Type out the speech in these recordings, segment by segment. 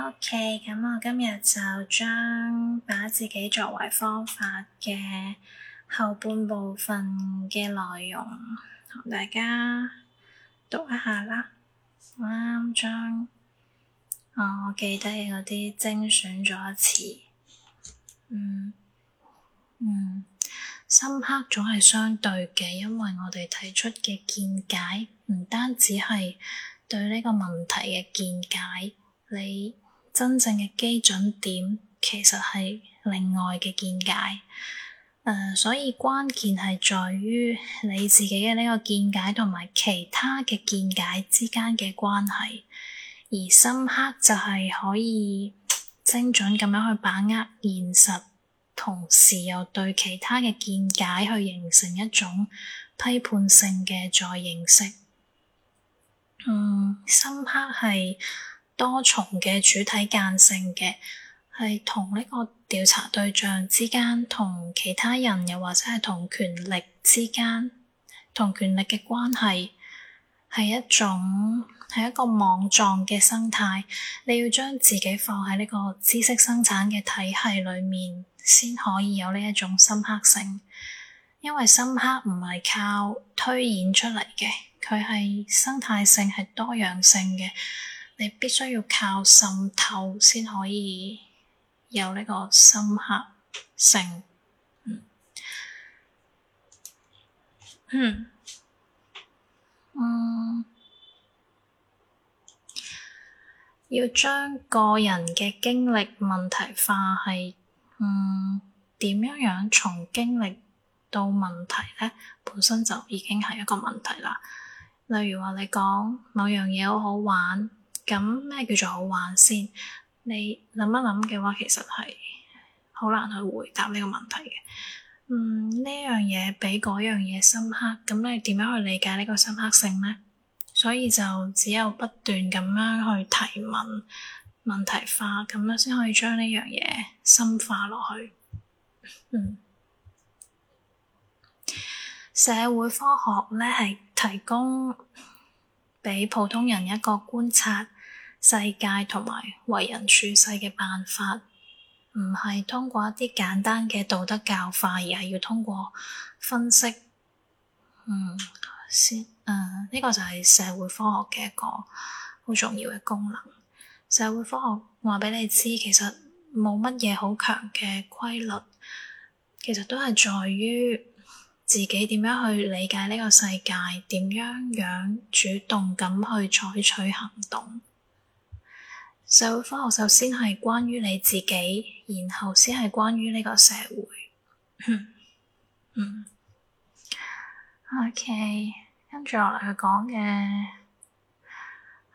OK，咁我今日就將把，把自己作為方法嘅後半部分嘅內容同大家讀一下啦。我啱啱將我記得嘅嗰啲精選咗一次。嗯嗯，深刻總係相對嘅，因為我哋提出嘅見解唔單止係對呢個問題嘅見解，你。真正嘅基準點其實係另外嘅見解，呃，所以關鍵係在於你自己嘅呢個見解同埋其他嘅見解之間嘅關係。而深刻就係可以精準咁樣去把握現實，同時又對其他嘅見解去形成一種批判性嘅再認識。嗯，深刻係。多重嘅主體間性嘅，係同呢個調查對象之間，同其他人又或者係同權力之間，同權力嘅關係係一種係一個網狀嘅生態。你要將自己放喺呢個知識生產嘅體系裏面，先可以有呢一種深刻性。因為深刻唔係靠推演出嚟嘅，佢係生態性，係多樣性嘅。你必須要靠滲透先可以有呢個深刻性。嗯。嗯，嗯，要將個人嘅經歷問題化係，嗯點樣樣從經歷到問題咧？本身就已經係一個問題啦。例如話你講某樣嘢好好玩。咁咩叫做好玩先？你諗一諗嘅話，其實係好難去回答呢個問題嘅。嗯，呢樣嘢比嗰樣嘢深刻，咁你點樣去理解呢個深刻性呢？所以就只有不斷咁樣去提問、問題化，咁樣先可以將呢樣嘢深化落去。嗯，社會科學咧係提供俾普通人一個觀察世界同埋為人處世嘅辦法，唔係通過一啲簡單嘅道德教化，而係要通過分析。嗯，先誒，呢個就係社會科學嘅一個好重要嘅功能。社會科學話畀你知，其實冇乜嘢好強嘅規律，其實都係在於自己點樣去理解呢個世界，點樣樣主動咁去採取行動。社會科學首先係關於你自己，然後先係關於呢個社會。嗯，OK，跟住落嚟佢講嘅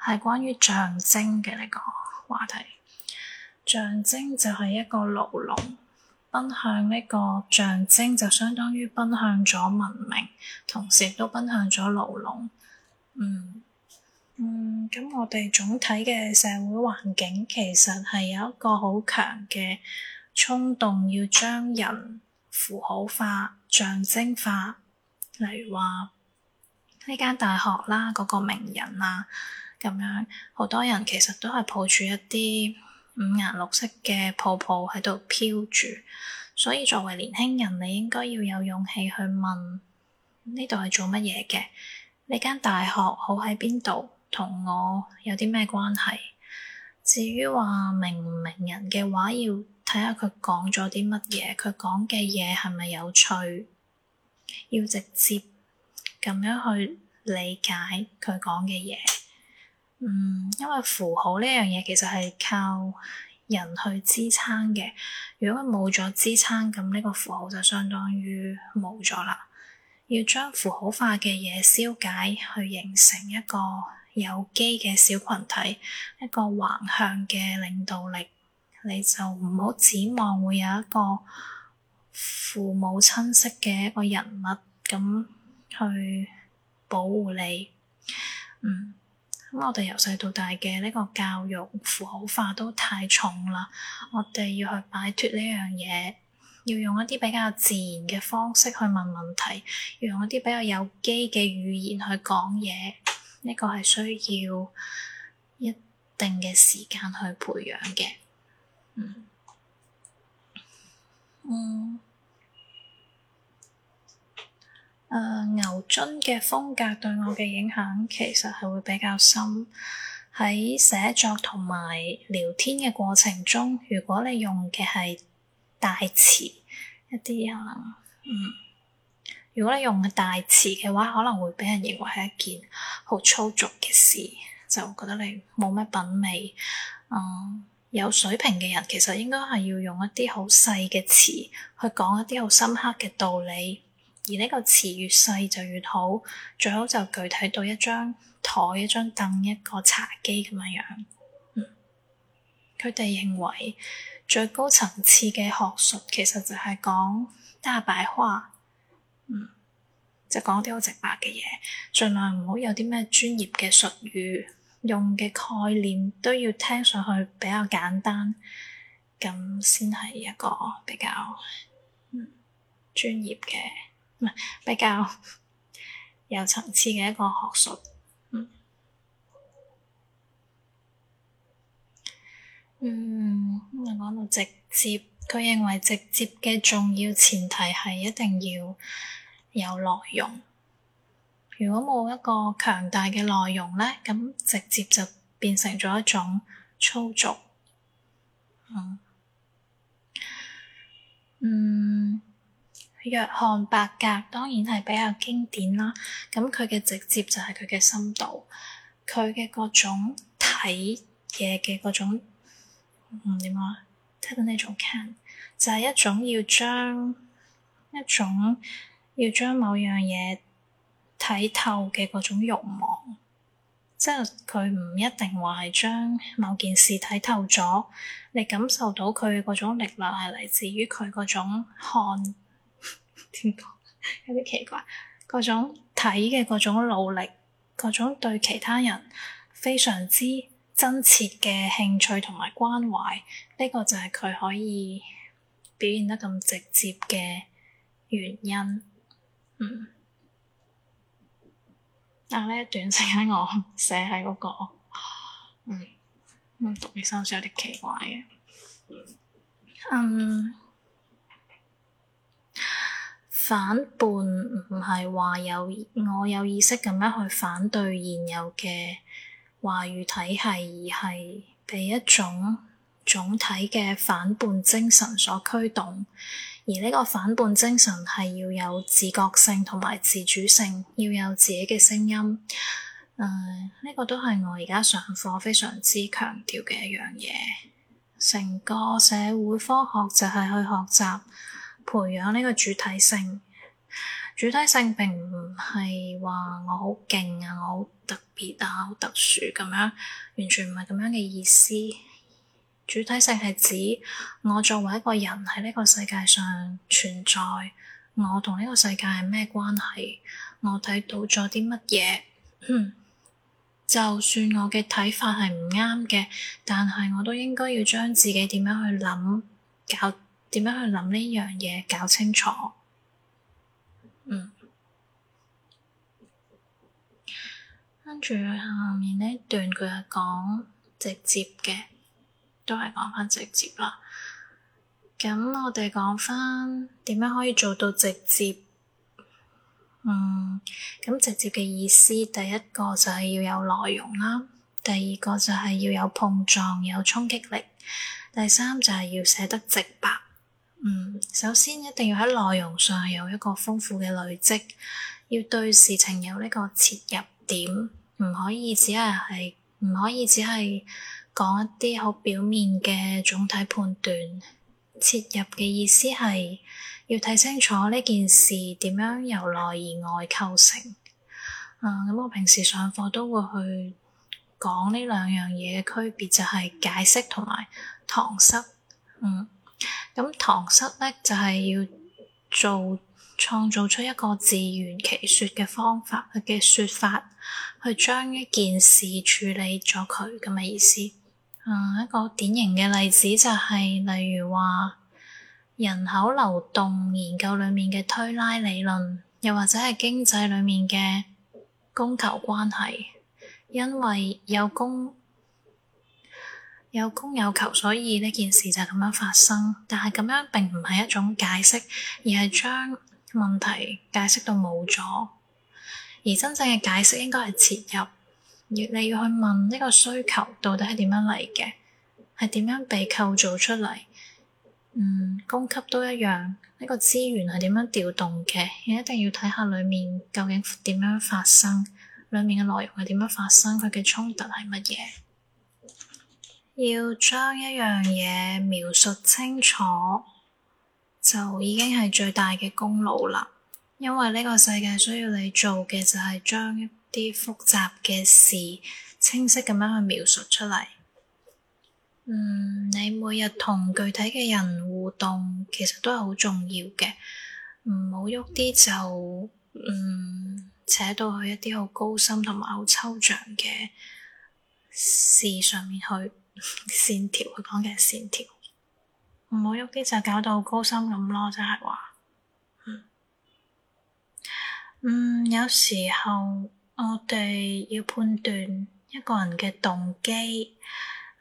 係關於象徵嘅呢個話題。象徵就係一個牢籠，奔向呢個象徵就相當於奔向咗文明，同時亦都奔向咗牢籠。嗯。嗯，咁我哋總體嘅社會環境其實係有一個好強嘅衝動，要將人符號化、象徵化，例如話呢間大學啦，嗰個名人啊，咁樣好多人其實都係抱住一啲五顏六色嘅泡泡喺度飄住，所以作為年輕人，你應該要有勇氣去問呢度係做乜嘢嘅？呢間大學好喺邊度？同我有啲咩關係？至於話明唔明人嘅話，要睇下佢講咗啲乜嘢，佢講嘅嘢係咪有趣？要直接咁樣去理解佢講嘅嘢。嗯，因為符號呢樣嘢其實係靠人去支撐嘅。如果冇咗支撐，咁呢個符號就相當於冇咗啦。要將符號化嘅嘢消解，去形成一個有機嘅小群體，一個橫向嘅領導力，你就唔好指望會有一個父母親戚嘅一個人物咁去保護你。嗯，咁我哋由細到大嘅呢個教育符號化都太重啦，我哋要去擺脱呢樣嘢，要用一啲比較自然嘅方式去問問題，要用一啲比較有機嘅語言去講嘢。呢個係需要一定嘅時間去培養嘅，嗯，嗯，嗯，呃，牛津嘅風格對我嘅影響其實係會比較深。喺寫作同埋聊天嘅過程中，如果你用嘅係大詞一啲嘢啦，嗯。如果你用嘅大詞嘅話，可能會畀人認為係一件好粗俗嘅事，就覺得你冇乜品味。嗯，有水平嘅人其實應該係要用一啲好細嘅詞去講一啲好深刻嘅道理。而呢個詞越細就越好，最好就具體到一張台、一張凳、一個茶幾咁樣樣。嗯，佢哋認為最高層次嘅學術其實就係講大白話。嗯，就講啲好直白嘅嘢，盡量唔好有啲咩專業嘅術語，用嘅概念都要聽上去比較簡單，咁先係一個比較、嗯、專業嘅，唔、嗯、係比較有層次嘅一個學術。嗯，嗯，咁講到直接。佢認為直接嘅重要前提係一定要有內容。如果冇一個強大嘅內容咧，咁直接就變成咗一種粗俗。嗯，嗯，約翰伯格當然係比較經典啦。咁佢嘅直接就係佢嘅深度，佢嘅各種睇嘢嘅各種，嗯，點講？呢種 can 就係一種要將一種要將某樣嘢睇透嘅嗰種慾望，即係佢唔一定話係將某件事睇透咗，你感受到佢嗰種力量係嚟自於佢嗰種看，點講有啲奇怪，嗰種睇嘅嗰種努力，嗰種對其他人非常之。真切嘅興趣同埋關懷，呢、這個就係佢可以表現得咁直接嘅原因。嗯，嗱、啊，呢一段時間我寫喺嗰、那個，嗯，我讀嘅心思有啲奇怪嘅。嗯，反叛唔係話有我有意識咁樣去反對現有嘅話語體系，而係被一種總體嘅反叛精神所驅動，而呢個反叛精神係要有自覺性同埋自主性，要有自己嘅聲音。呢、呃呢個都係我而家上課非常之強調嘅一樣嘢。成個社會科學就係去學習培養呢個主體性。主體性並唔係話我好勁啊，我好特別啊，好特殊咁樣，完全唔係咁樣嘅意思。主體性係指我作為一個人喺呢個世界上存在，我同呢個世界係咩關係？我睇到咗啲乜嘢？就算我嘅睇法係唔啱嘅，但係我都應該要將自己點樣去諗，搞點樣去諗呢樣嘢，搞清楚。嗯，跟住下面呢段，佢係講直接嘅，都係講翻直接啦。咁我哋講翻點樣可以做到直接？嗯，咁直接嘅意思，第一個就係要有內容啦，第二個就係要有碰撞、有衝擊力，第三就係要寫得直白。嗯，首先一定要喺內容上有一個豐富嘅累積，要對事情有呢個切入點，唔可以只係係，唔可以只係講一啲好表面嘅總體判斷。切入嘅意思係要睇清楚呢件事點樣由內而外構成。啊、嗯，咁我平時上課都會去講呢兩樣嘢嘅區別，就係、是、解釋同埋搪塞。嗯。咁搪塞咧，就係要做創造出一個自圓其說嘅方法，嘅說法去將一件事處理咗佢咁嘅意思。嗯，一個典型嘅例子就係例如話人口流動研究裏面嘅推拉理論，又或者係經濟裏面嘅供求關係，因為有供。有供有求，所以呢件事就咁樣發生。但係咁樣並唔係一種解釋，而係將問題解釋到冇咗。而真正嘅解釋應該係切入，你要去問呢個需求到底係點樣嚟嘅，係點樣被構造出嚟。嗯，供給都一樣，呢個資源係點樣調動嘅？你一定要睇下裏面究竟點樣發生，裏面嘅內容係點樣發生，佢嘅衝突係乜嘢？要將一樣嘢描述清楚，就已經係最大嘅功勞啦。因為呢個世界需要你做嘅就係將一啲複雜嘅事清晰咁樣去描述出嚟。嗯，你每日同具體嘅人互動，其實都係好重要嘅。唔好喐啲就嗯扯到去一啲好高深同埋好抽象嘅事上面去。線條，佢講嘅線條，唔好喐啲就搞到高深咁咯，就係話，嗯，嗯，有時候我哋要判斷一個人嘅動機，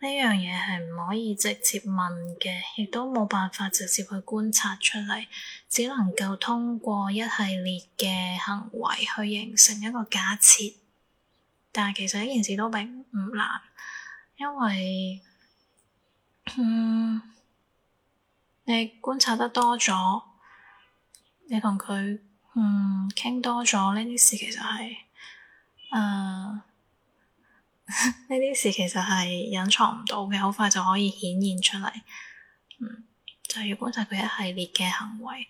呢樣嘢係唔可以直接問嘅，亦都冇辦法直接去觀察出嚟，只能夠通過一系列嘅行為去形成一個假設，但係其實呢件事都並唔難。因為，嗯，你觀察得多咗，你同佢嗯傾多咗呢啲事，其實係誒呢啲事其實係、呃、 隱藏唔到嘅，好快就可以顯現出嚟。嗯，就係、是、要觀察佢一系列嘅行為，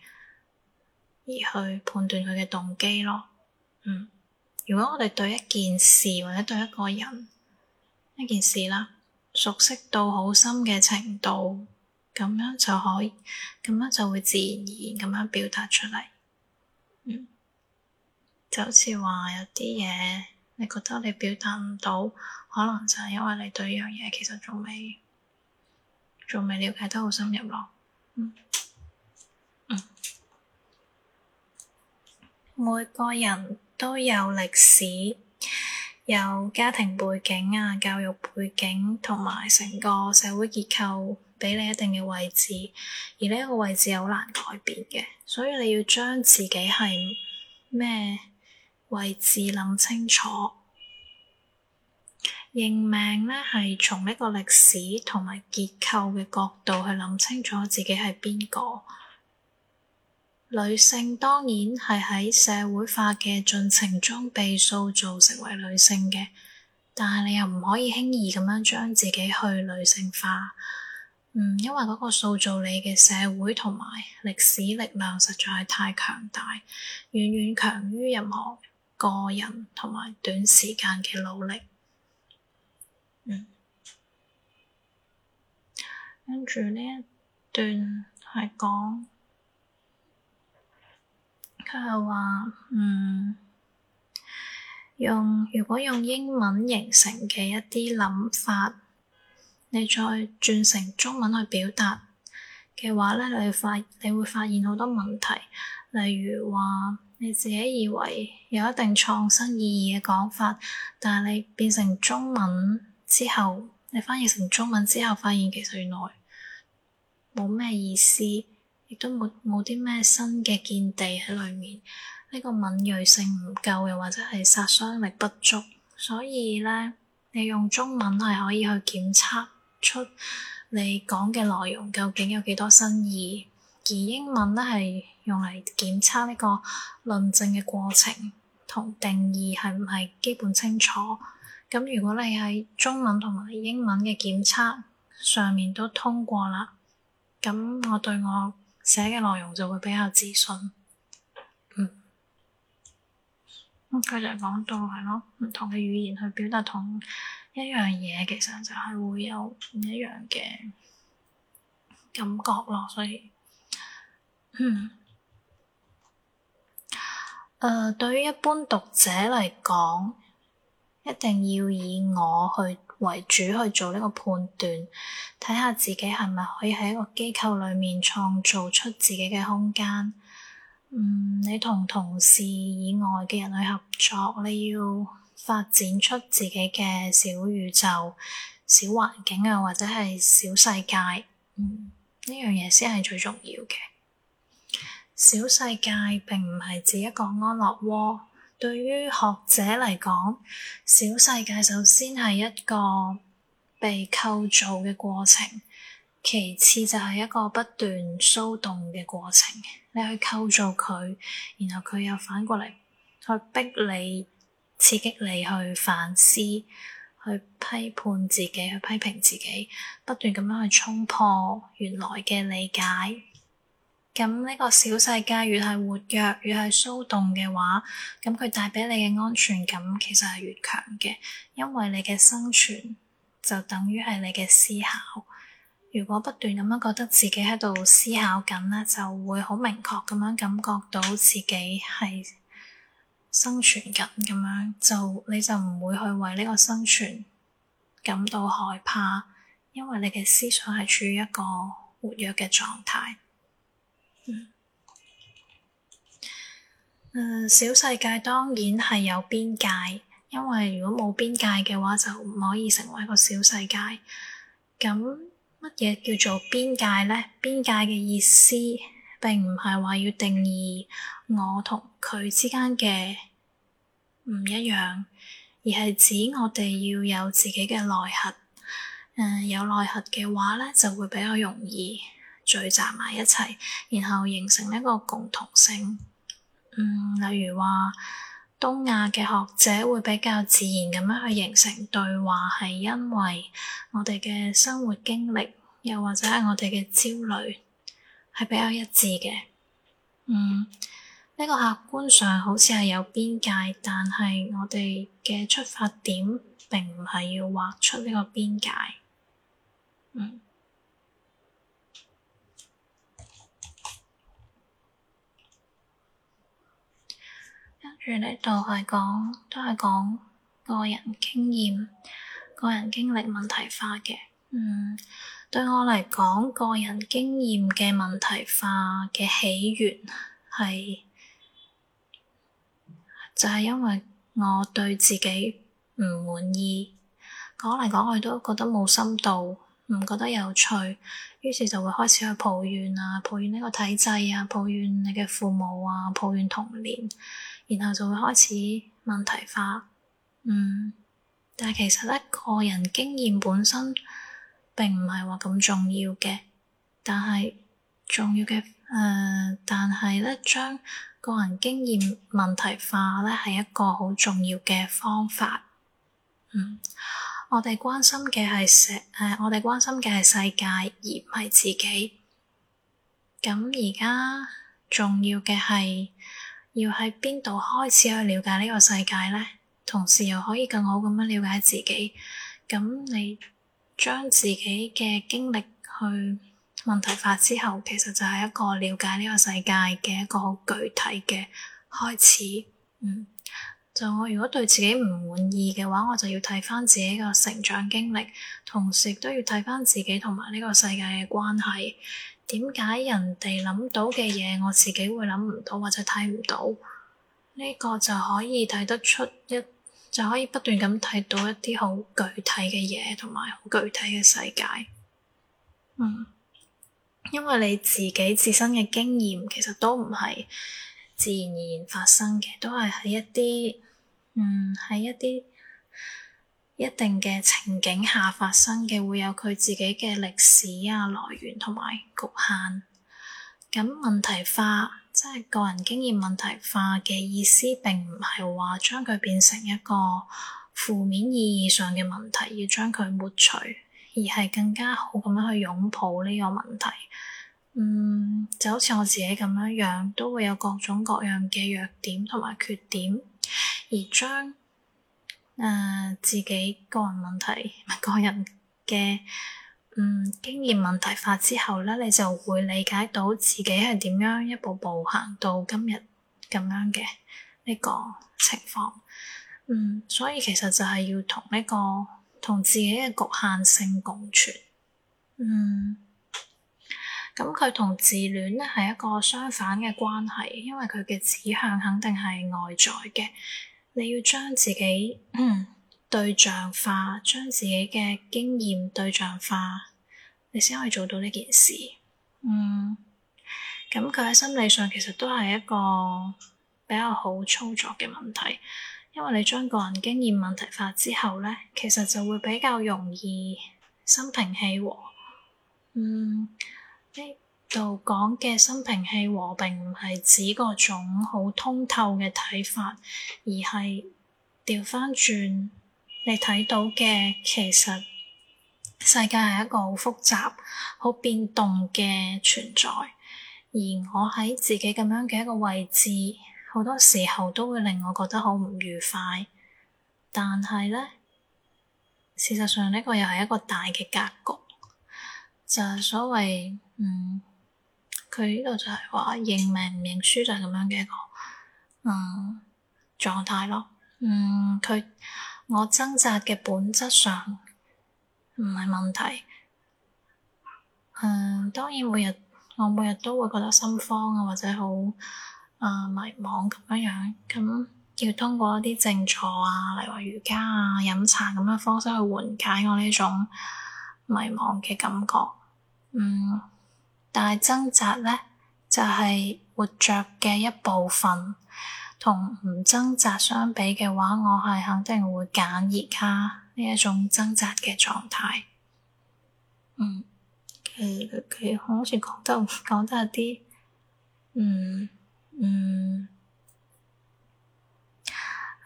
而去判斷佢嘅動機咯。嗯，如果我哋對一件事或者對一個人，一件事啦，熟悉到好深嘅程度，咁樣就可以，咁樣就會自然而然咁樣表達出嚟。嗯，就好似話有啲嘢，你覺得你表達唔到，可能就係因為你對呢樣嘢其實仲未，仲未了解得好深入咯。嗯，嗯，每個人都有歷史。有家庭背景啊、教育背景同埋成個社會結構畀你一定嘅位置，而呢個位置好難改變嘅，所以你要將自己係咩位置諗清楚。認命咧，係從呢個歷史同埋結構嘅角度去諗清楚自己係邊個。女性當然係喺社會化嘅進程中被塑造成為女性嘅，但係你又唔可以輕易咁樣將自己去女性化。嗯，因為嗰個塑造你嘅社會同埋歷史力量實在係太強大，遠遠強於任何個人同埋短時間嘅努力。嗯，跟住呢一段係講。佢係話，嗯，用如果用英文形成嘅一啲諗法，你再轉成中文去表達嘅話咧，你會發現你會發現好多問題。例如話你自己以為有一定創新意義嘅講法，但係你變成中文之後，你翻譯成中文之後，發現其實原來冇咩意思。亦都冇冇啲咩新嘅見地喺裏面，呢個敏鋭性唔夠，又或者係殺傷力不足，所以咧，你用中文係可以去檢測出你講嘅內容究竟有幾多新意，而英文咧係用嚟檢測呢個論證嘅過程同定義係唔係基本清楚。咁如果你喺中文同埋英文嘅檢測上面都通過啦，咁我對我寫嘅內容就會比較自信，嗯，咁佢就講到係咯，唔同嘅語言去表達同一樣嘢，其實就係會有唔一樣嘅感覺咯，所以，誒、嗯呃，對於一般讀者嚟講，一定要以我去。為主去做呢個判斷，睇下自己係咪可以喺一個機構裏面創造出自己嘅空間。嗯，你同同事以外嘅人去合作，你要發展出自己嘅小宇宙、小環境啊，或者係小世界。嗯，呢樣嘢先係最重要嘅。小世界並唔係指一個安樂窩。對於學者嚟講，小世界首先係一個被構造嘅過程，其次就係一個不斷騷動嘅過程。你去構造佢，然後佢又反過嚟，去逼你刺激你去反思、去批判自己、去批評自己，不斷咁樣去衝破原來嘅理解。咁呢個小世界越係活躍，越係騷動嘅話，咁佢帶畀你嘅安全感其實係越強嘅，因為你嘅生存就等於係你嘅思考。如果不斷咁樣覺得自己喺度思考緊呢，就會好明確咁樣感覺到自己係生存緊咁樣，就你就唔會去為呢個生存感到害怕，因為你嘅思想係處於一個活躍嘅狀態。嗯，小世界當然係有邊界，因為如果冇邊界嘅話，就唔可以成為一個小世界。咁乜嘢叫做邊界呢？邊界嘅意思並唔係話要定義我同佢之間嘅唔一樣，而係指我哋要有自己嘅內核。有內核嘅話咧，就會比較容易聚集埋一齊，然後形成一個共同性。例如話東亞嘅學者會比較自然咁樣去形成對話，係因為我哋嘅生活經歷，又或者係我哋嘅焦慮，係比較一致嘅。嗯，呢個客觀上好似係有邊界，但係我哋嘅出發點並唔係要畫出呢個邊界。嗯。原嚟度係講，都係講個人經驗、個人經歷問題化嘅。嗯，對我嚟講，個人經驗嘅問題化嘅起源係，就係、是、因為我對自己唔滿意，講嚟講去都覺得冇深度。唔覺得有趣，於是就會開始去抱怨啊，抱怨呢個體制啊，抱怨你嘅父母啊，抱怨童年，然後就會開始問題化。嗯，但係其實咧個人經驗本身並唔係話咁重要嘅，但係重要嘅誒、呃，但係咧將個人經驗問題化咧係一個好重要嘅方法。嗯。我哋關心嘅係世，誒、呃，我哋關心嘅係世界而唔係自己。咁而家重要嘅係要喺邊度開始去了解呢個世界咧？同時又可以更好咁樣了解自己。咁你將自己嘅經歷去問題化之後，其實就係一個了解呢個世界嘅一個好具體嘅開始。嗯。就我如果對自己唔滿意嘅話，我就要睇翻自己嘅成長經歷，同時都要睇翻自己同埋呢個世界嘅關係。點解人哋諗到嘅嘢，我自己會諗唔到或者睇唔到？呢個就可以睇得出，一就可以不斷咁睇到一啲好具體嘅嘢，同埋好具體嘅世界。嗯，因為你自己自身嘅經驗其實都唔係。自然而然發生嘅，都係喺一啲，嗯，喺一啲一定嘅情景下發生嘅，會有佢自己嘅歷史啊、來源同埋局限。咁問題化，即係個人經驗問題化嘅意思，並唔係話將佢變成一個負面意義上嘅問題，要將佢抹除，而係更加好咁樣去擁抱呢個問題。嗯，就好似我自己咁樣樣，都會有各種各樣嘅弱點同埋缺點，而將誒、呃、自己個人問題個人嘅嗯經驗問題化之後咧，你就會理解到自己係點樣一步步行到今日咁樣嘅呢個情況。嗯，所以其實就係要同呢個同自己嘅局限性共存。嗯。咁佢同自戀咧係一個相反嘅關係，因為佢嘅指向肯定係外在嘅。你要將自己，嗯，對象化，將自己嘅經驗對象化，你先可以做到呢件事。嗯，咁佢喺心理上其實都係一個比較好操作嘅問題，因為你將個人經驗問題化之後咧，其實就會比較容易心平氣和。嗯。呢度講嘅心平氣和，並唔係指嗰種好通透嘅睇法，而係調翻轉，你睇到嘅，其實世界係一個好複雜、好變動嘅存在。而我喺自己咁樣嘅一個位置，好多時候都會令我覺得好唔愉快。但係咧，事實上呢個又係一個大嘅格局。就係所謂，嗯，佢呢度就係話認命唔認輸就係咁樣嘅一個，嗯，狀態咯。嗯，佢我掙扎嘅本質上唔係問題。嗯，當然每日我每日都會覺得心慌啊，或者好啊、呃、迷茫咁樣樣。咁要通過一啲靜坐啊，例如話瑜伽啊、飲茶咁樣方式去緩解我呢種迷茫嘅感覺。嗯，但係掙扎咧就係、是、活着嘅一部分，同唔掙扎相比嘅話，我係肯定會揀而家呢一種掙扎嘅狀態。嗯，佢、okay，佢、okay，好似講得，講得有啲，嗯嗯，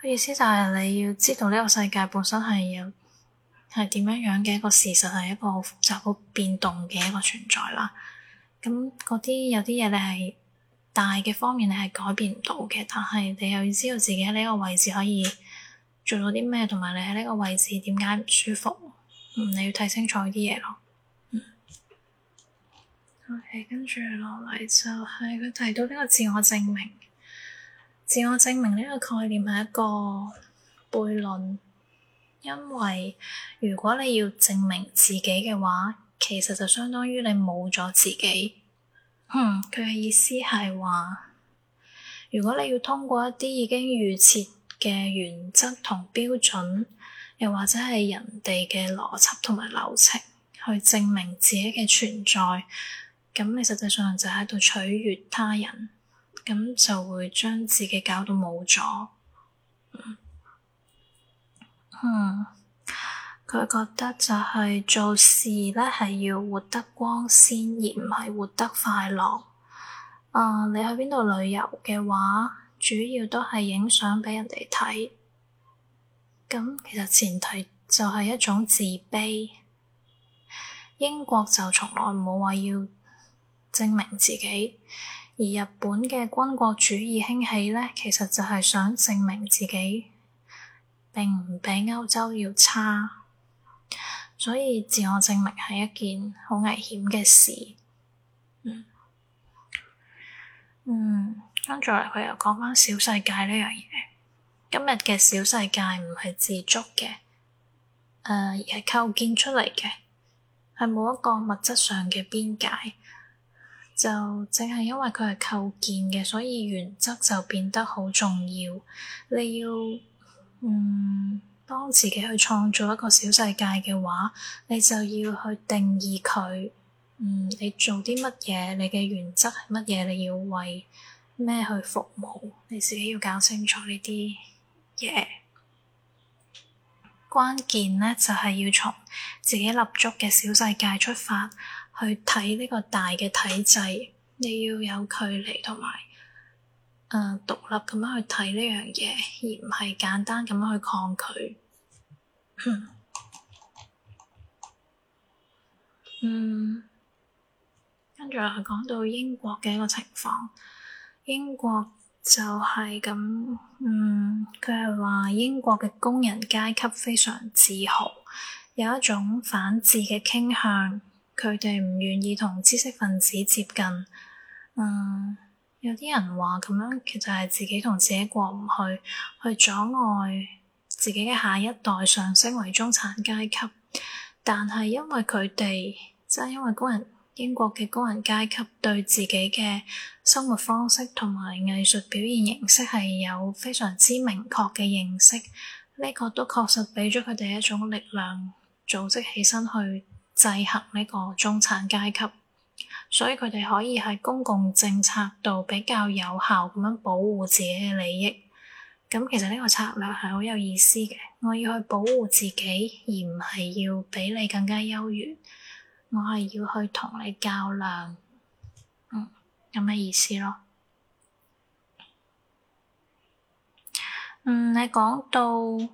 意思就係你要知道呢個世界本身係有。係點樣樣嘅一個事實，係一個複雜嘅變動嘅一個存在啦。咁嗰啲有啲嘢你係大嘅方面，你係改變唔到嘅。但係你又要知道自己喺呢個位置可以做到啲咩，同埋你喺呢個位置點解唔舒服？嗯，你要睇清楚啲嘢咯。嗯。OK，跟住落嚟就係佢提到呢個自我證明。自我證明呢個概念係一個悖論。因為如果你要證明自己嘅話，其實就相當於你冇咗自己。哼、嗯，佢嘅意思係話，如果你要通過一啲已經預設嘅原則同標準，又或者係人哋嘅邏輯同埋流程去證明自己嘅存在，咁你實際上就喺度取悅他人，咁就會將自己搞到冇咗。嗯，佢覺得就係做事咧，係要活得光鮮，而唔係活得快樂。啊、呃，你去邊度旅遊嘅話，主要都係影相畀人哋睇。咁、嗯、其實前提就係一種自卑。英國就從來冇話要，要證明自己，而日本嘅軍國主義興起咧，其實就係想證明自己，並唔比歐洲要差，所以自我證明係一件好危險嘅事。嗯，嗯，跟住嚟佢又講翻小世界呢樣嘢。今日嘅小世界唔係自足嘅，誒、呃、而係構建出嚟嘅，係冇一個物質上嘅邊界。就淨係因為佢係構建嘅，所以原則就變得好重要。你要。嗯，當自己去創造一個小世界嘅話，你就要去定義佢。嗯，你做啲乜嘢？你嘅原則係乜嘢？你要為咩去服務？你自己要搞清楚、yeah. 呢啲嘢。關鍵咧就係、是、要從自己立足嘅小世界出發，去睇呢個大嘅體制。你要有距離同埋。誒、呃、獨立咁樣去睇呢樣嘢，而唔係簡單咁樣去抗拒。 嗯，跟住講到英國嘅一個情況，英國就係咁，嗯，佢係話英國嘅工人階級非常自豪，有一種反智嘅傾向，佢哋唔願意同知識分子接近。嗯。有啲人話咁樣，其實係自己同自己過唔去，去阻礙自己嘅下一代上升為中產階級。但係因為佢哋，即係因為工人英國嘅工人階級對自己嘅生活方式同埋藝術表現形式係有非常之明確嘅認識，呢個都確實畀咗佢哋一種力量，組織起身去制衡呢個中產階級。所以佢哋可以喺公共政策度比較有效咁樣保護自己嘅利益。咁其實呢個策略係好有意思嘅。我要去保護自己，而唔係要比你更加優越。我係要去同你較量，嗯，有咩意思咯？嗯，你講到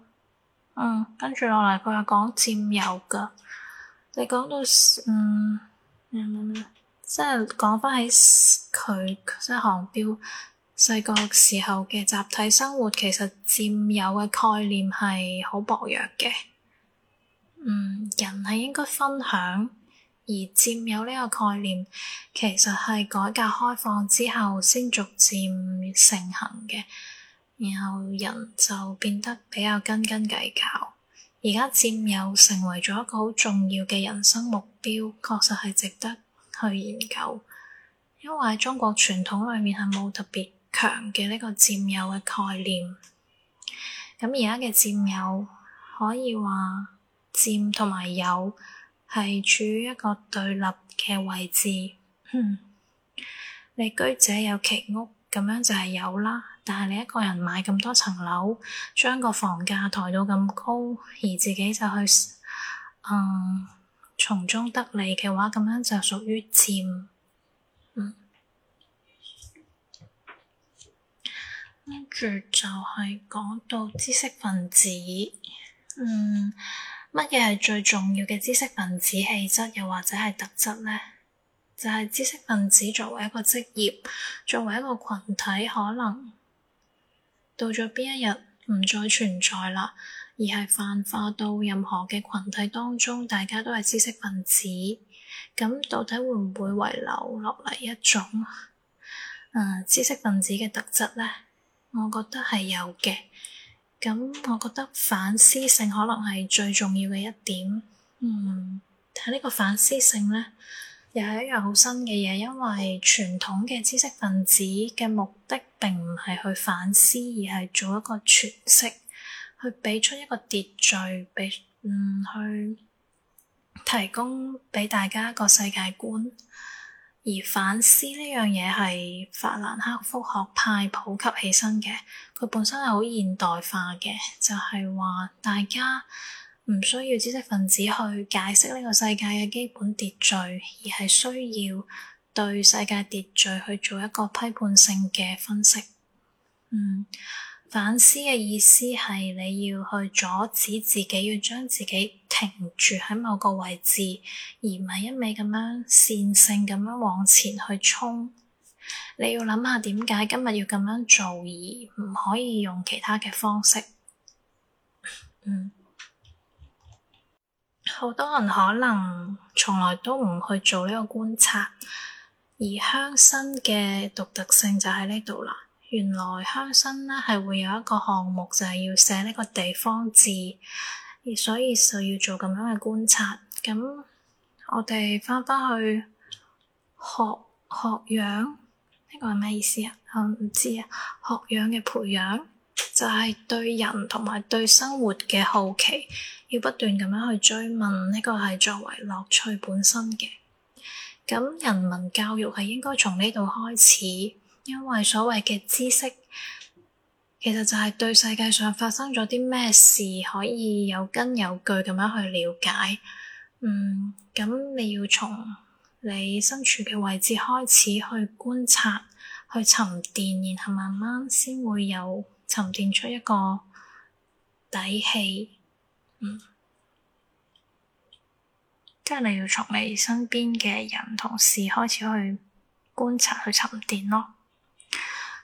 嗯，跟住落嚟佢係講佔有噶。你講到嗯。嗯，即係講翻起，佢即係項飆細個時候嘅集體生活，其實佔有嘅概念係好薄弱嘅。嗯，人係應該分享，而佔有呢個概念，其實係改革開放之後先逐漸盛行嘅。然後人就變得比較斤斤計較。而家佔有成為咗一個好重要嘅人生目標，確實係值得去研究，因為喺中國傳統裏面係冇特別強嘅呢個佔有嘅概念。咁而家嘅佔有可以話佔同埋有係處於一個對立嘅位置。嗯，你居者有其屋，咁樣就係有啦。但係你一個人買咁多層樓，將個房價抬到咁高，而自己就去嗯呃、從中得利嘅話，咁樣就屬於佔，嗯。跟住就係講到知識分子，嗯，乜嘢係最重要嘅知識分子氣質，又或者係特質呢？就係、是、知識分子作為一個職業，作為一個群體，可能。到咗邊一日唔再存在啦，而係泛化到任何嘅群體當中，大家都係知識分子。咁到底會唔會遺留落嚟一種、呃、知識分子嘅特質呢？我覺得係有嘅。咁我覺得反思性可能係最重要嘅一點。嗯，睇呢個反思性呢，又係一樣好新嘅嘢，因為傳統嘅知識分子嘅目的並唔係去反思，而係做一個詮釋，去俾出一個秩序，俾嗯去提供俾大家一個世界觀。而反思呢樣嘢係法蘭克福學派普及起身嘅，佢本身係好現代化嘅，就係、是、話大家。唔需要知識分子去解釋呢個世界嘅基本秩序，而係需要對世界秩序去做一個批判性嘅分析。嗯，反思嘅意思係你要去阻止自己，要將自己停住喺某個位置，而唔係一味咁樣線性咁樣往前去衝。你要諗下點解今日要咁樣做，而唔可以用其他嘅方式。嗯。好多人可能從來都唔去做呢個觀察，而鄉紳嘅獨特性就喺呢度啦。原來鄉紳咧係會有一個項目，就係要寫呢個地方字，而所以就要做咁樣嘅觀察。咁我哋翻返去學學養，呢、這個係咩意思啊？我唔知啊，學養嘅培養。就係對人同埋對生活嘅好奇，要不斷咁樣去追問，呢個係作為樂趣本身嘅。咁人民教育係應該從呢度開始，因為所謂嘅知識，其實就係對世界上發生咗啲咩事可以有根有據咁樣去了解。嗯，咁你要從你身處嘅位置開始去觀察、去沉澱，然後慢慢先會有。沉澱出一個底氣，嗯，即係你要從你身邊嘅人同事開始去觀察、去沉澱咯。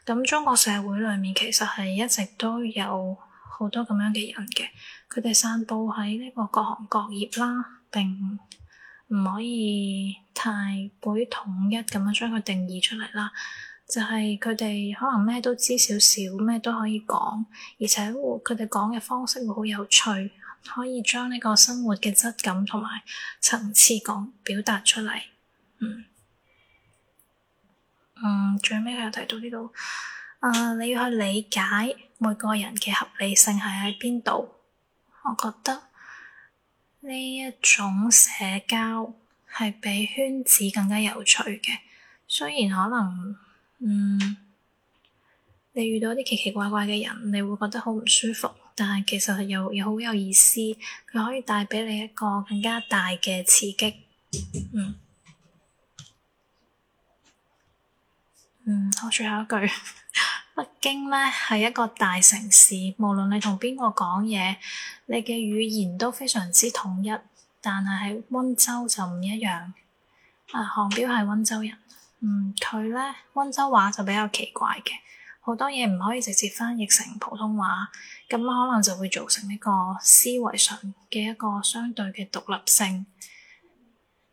咁中國社會裏面其實係一直都有好多咁樣嘅人嘅，佢哋散佈喺呢個各行各業啦，並唔可以太過於統一咁樣將佢定義出嚟啦。就係佢哋可能咩都知少少，咩都可以講，而且佢哋講嘅方式會好有趣，可以將呢個生活嘅質感同埋層次講表達出嚟。嗯嗯，最尾佢又提到呢度，啊，你要去理解每個人嘅合理性係喺邊度。我覺得呢一種社交係比圈子更加有趣嘅，雖然可能。嗯，你遇到啲奇奇怪怪嘅人，你會覺得好唔舒服，但係其實又又好有意思。佢可以帶畀你一個更加大嘅刺激。嗯，嗯，好，最後一句，北京咧，係一個大城市，無論你同邊個講嘢，你嘅語言都非常之統一。但係喺溫州就唔一樣。啊，項飆係溫州人。嗯，佢咧溫州話就比較奇怪嘅，好多嘢唔可以直接翻譯成普通話，咁可能就會造成呢個思維上嘅一個相對嘅獨立性。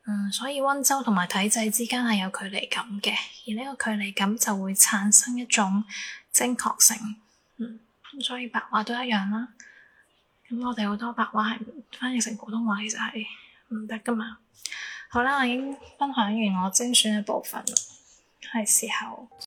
嗯，所以溫州同埋體制之間係有距離感嘅，而呢個距離感就會產生一種精確性。嗯，咁所以白話都一樣啦。咁、嗯、我哋好多白話係翻譯成普通話其實係唔得噶嘛好啦，我已經分享完我精選嘅部分喇，係時候。